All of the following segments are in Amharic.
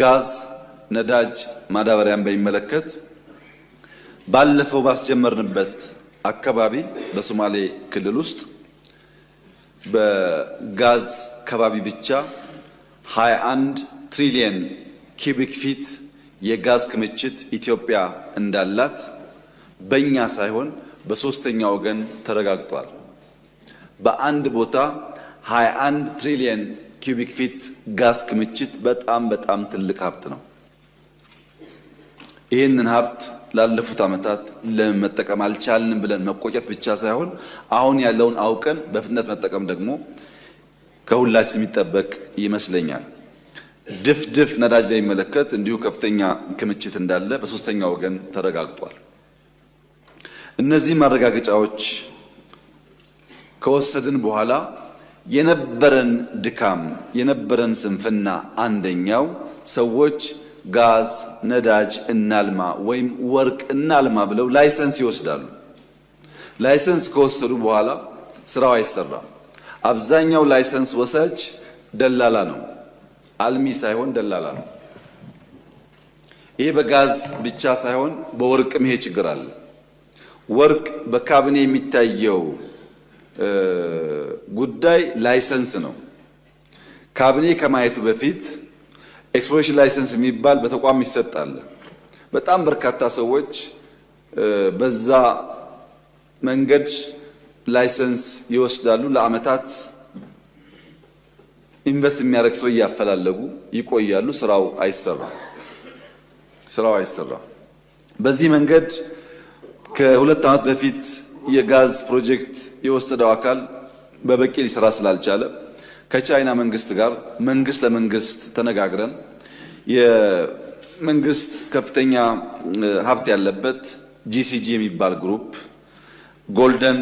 ጋዝ፣ ነዳጅ፣ ማዳበሪያን በሚመለከት ባለፈው ባስጀመርንበት አካባቢ በሶማሌ ክልል ውስጥ በጋዝ ከባቢ ብቻ 21 ትሪሊየን ኪቢክ ፊት የጋዝ ክምችት ኢትዮጵያ እንዳላት በእኛ ሳይሆን በሶስተኛ ወገን ተረጋግጧል። በአንድ ቦታ 21 ትሪሊየን ኪዩቢክ ፊት ጋዝ ክምችት በጣም በጣም ትልቅ ሀብት ነው። ይህንን ሀብት ላለፉት ዓመታት ለመጠቀም አልቻልንም ብለን መቆጨት ብቻ ሳይሆን አሁን ያለውን አውቀን በፍጥነት መጠቀም ደግሞ ከሁላችን የሚጠበቅ ይመስለኛል። ድፍድፍ ነዳጅ በሚመለከት እንዲሁ ከፍተኛ ክምችት እንዳለ በሶስተኛ ወገን ተረጋግጧል። እነዚህ ማረጋገጫዎች ከወሰድን በኋላ የነበረን ድካም የነበረን ስንፍና አንደኛው ሰዎች ጋዝ፣ ነዳጅ እናልማ ወይም ወርቅ እናልማ ብለው ላይሰንስ ይወስዳሉ። ላይሰንስ ከወሰዱ በኋላ ስራው አይሰራም። አብዛኛው ላይሰንስ ወሳጅ ደላላ ነው። አልሚ ሳይሆን ደላላ ነው። ይሄ በጋዝ ብቻ ሳይሆን በወርቅም ይሄ ችግር አለ። ወርቅ በካቢኔ የሚታየው ጉዳይ ላይሰንስ ነው። ካቢኔ ከማየቱ በፊት ኤክስፕሎሬሽን ላይሰንስ የሚባል በተቋም ይሰጣል። በጣም በርካታ ሰዎች በዛ መንገድ ላይሰንስ ይወስዳሉ። ለአመታት ኢንቨስት የሚያደርግ ሰው እያፈላለጉ ይቆያሉ። ስራው አይሰራም። ስራው አይሰራ። በዚህ መንገድ ከሁለት ዓመት በፊት የጋዝ ፕሮጀክት የወሰደው አካል በበቂ ሊሰራ ስላልቻለ ከቻይና መንግስት ጋር መንግስት ለመንግስት ተነጋግረን የመንግስት ከፍተኛ ሀብት ያለበት ጂሲጂ የሚባል ግሩፕ፣ ጎልደን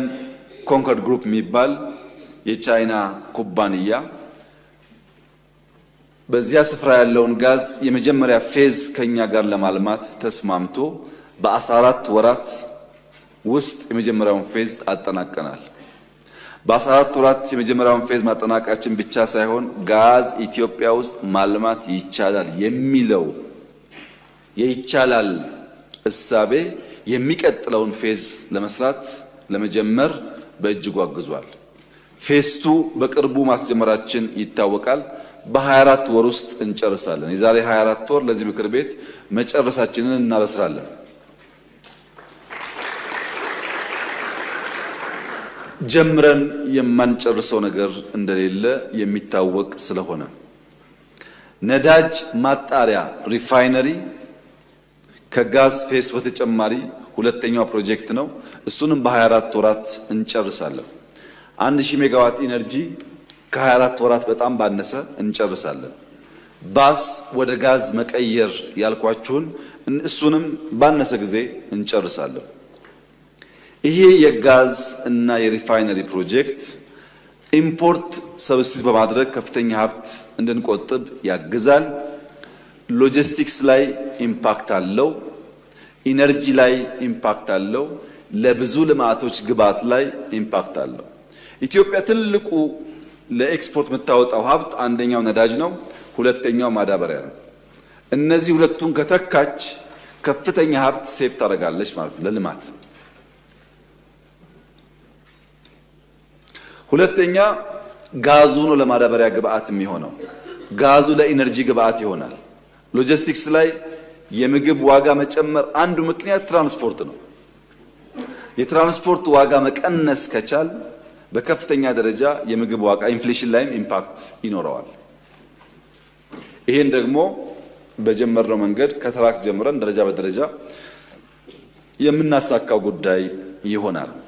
ኮንኮርድ ግሩፕ የሚባል የቻይና ኩባንያ በዚያ ስፍራ ያለውን ጋዝ የመጀመሪያ ፌዝ ከኛ ጋር ለማልማት ተስማምቶ በአስራ አራት ወራት ውስጥ የመጀመሪያውን ፌዝ አጠናቀናል። በአስራ አራት ወራት የመጀመሪያውን ፌዝ ማጠናቀቃችን ብቻ ሳይሆን ጋዝ ኢትዮጵያ ውስጥ ማልማት ይቻላል የሚለው የይቻላል እሳቤ የሚቀጥለውን ፌዝ ለመስራት ለመጀመር በእጅጉ አግዟል። ፌስቱ በቅርቡ ማስጀመራችን ይታወቃል። በ24 ወር ውስጥ እንጨርሳለን። የዛሬ 24 ወር ለዚህ ምክር ቤት መጨረሳችንን እናበስራለን። ጀምረን የማንጨርሰው ነገር እንደሌለ የሚታወቅ ስለሆነ ነዳጅ ማጣሪያ ሪፋይነሪ ከጋዝ ፌስ በተጨማሪ ሁለተኛው ፕሮጀክት ነው። እሱንም በ24 ወራት እንጨርሳለን። 1000 ሜጋዋት ኢነርጂ ከ24 ወራት በጣም ባነሰ እንጨርሳለን። ባስ ወደ ጋዝ መቀየር ያልኳችሁን እሱንም ባነሰ ጊዜ እንጨርሳለን። ይሄ የጋዝ እና የሪፋይነሪ ፕሮጀክት ኢምፖርት ሰብስቲት በማድረግ ከፍተኛ ሀብት እንድንቆጥብ ያግዛል። ሎጂስቲክስ ላይ ኢምፓክት አለው። ኢነርጂ ላይ ኢምፓክት አለው። ለብዙ ልማቶች ግብዓት ላይ ኢምፓክት አለው። ኢትዮጵያ ትልቁ ለኤክስፖርት የምታወጣው ሀብት አንደኛው ነዳጅ ነው፣ ሁለተኛው ማዳበሪያ ነው። እነዚህ ሁለቱን ከተካች ከፍተኛ ሀብት ሴፍ ታደርጋለች ማለት ነው ለልማት ሁለተኛ ጋዙ ነው ለማዳበሪያ ግብአት የሚሆነው። ጋዙ ለኢነርጂ ግብአት ይሆናል። ሎጂስቲክስ ላይ የምግብ ዋጋ መጨመር አንዱ ምክንያት ትራንስፖርት ነው። የትራንስፖርት ዋጋ መቀነስ ከቻል በከፍተኛ ደረጃ የምግብ ዋጋ ኢንፍሌሽን ላይም ኢምፓክት ይኖረዋል። ይሄን ደግሞ በጀመርነው መንገድ ከትራክ ጀምረን ደረጃ በደረጃ የምናሳካው ጉዳይ ይሆናል።